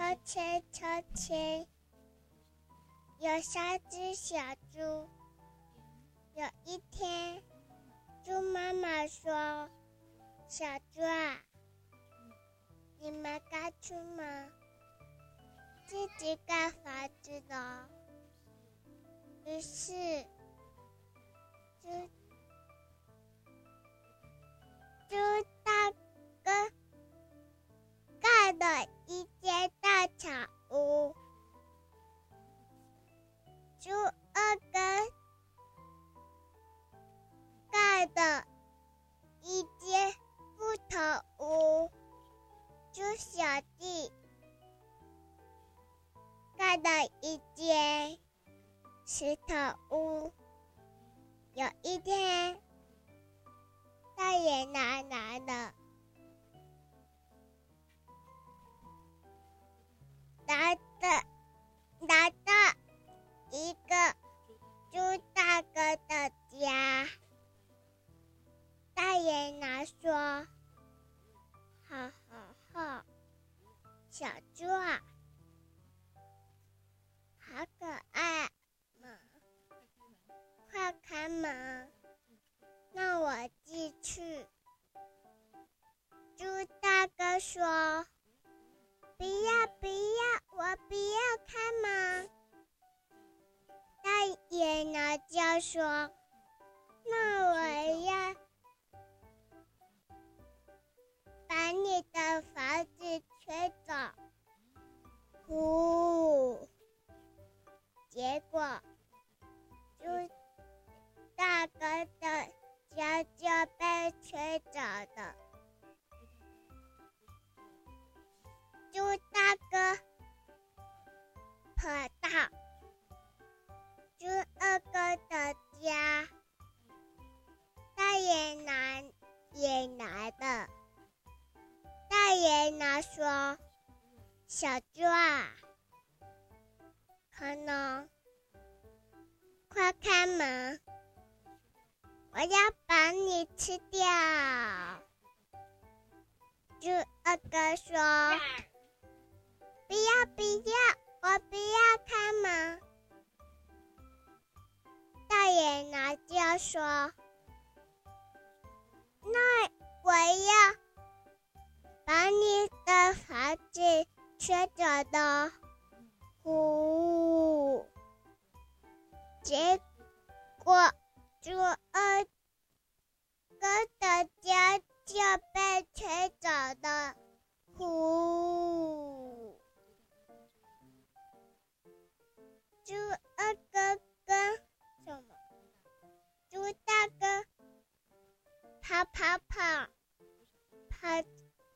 從前，從前有三隻小豬。有一天，豬媽媽說：“小豬啊，你們該出門自己蓋房子了。”於是，豬豬。一間石頭屋。有一天，大野狼來了，拿着拿着一個豬大哥的家。大野狼說：“好好好，小豬啊。”說，那我要把你的房子吹走，嗚、哦！結果豬大哥的家就被吹走。野狼來了。大野狼說：“小豬啊，可能，快開門，我要把你吃掉。”豬二哥說：“不要不要，我不要開門。”大野狼就說。我要把你的房子拆走的，呼！結果豬二哥哥的家就被拆走了，呼！豬二哥哥跟什麼？豬大哥跑跑跑！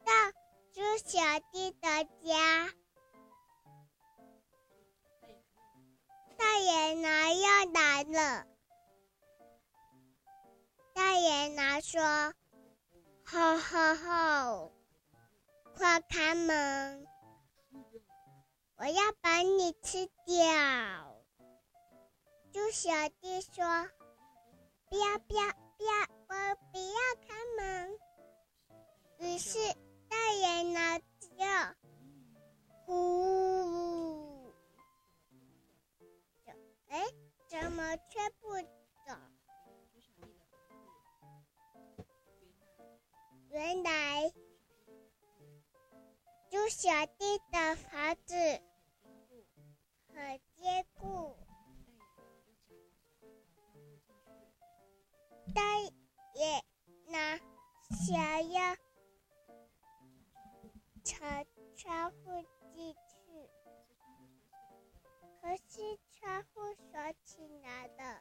到豬小弟的家，大野狼要來了。大野狼說：“好好好，快開門，我要把你吃掉。”豬小弟說：“不要不要不要，我不要開。”是大人拿嗚嗚。哎，怎麼吹不走？原來，豬小弟的房子。啊，窗戶進去，可是窗戶鎖起來了。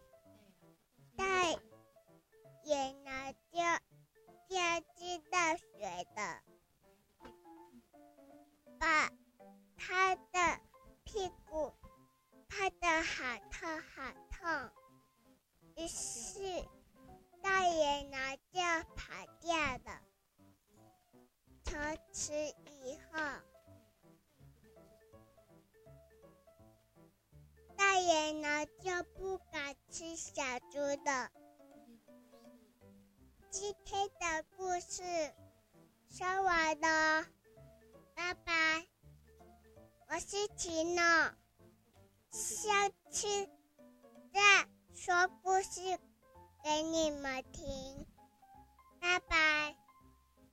吃小豬的。今天的故事說完了，拜拜。我是奇諾，下次再說故事給你們聽，拜拜。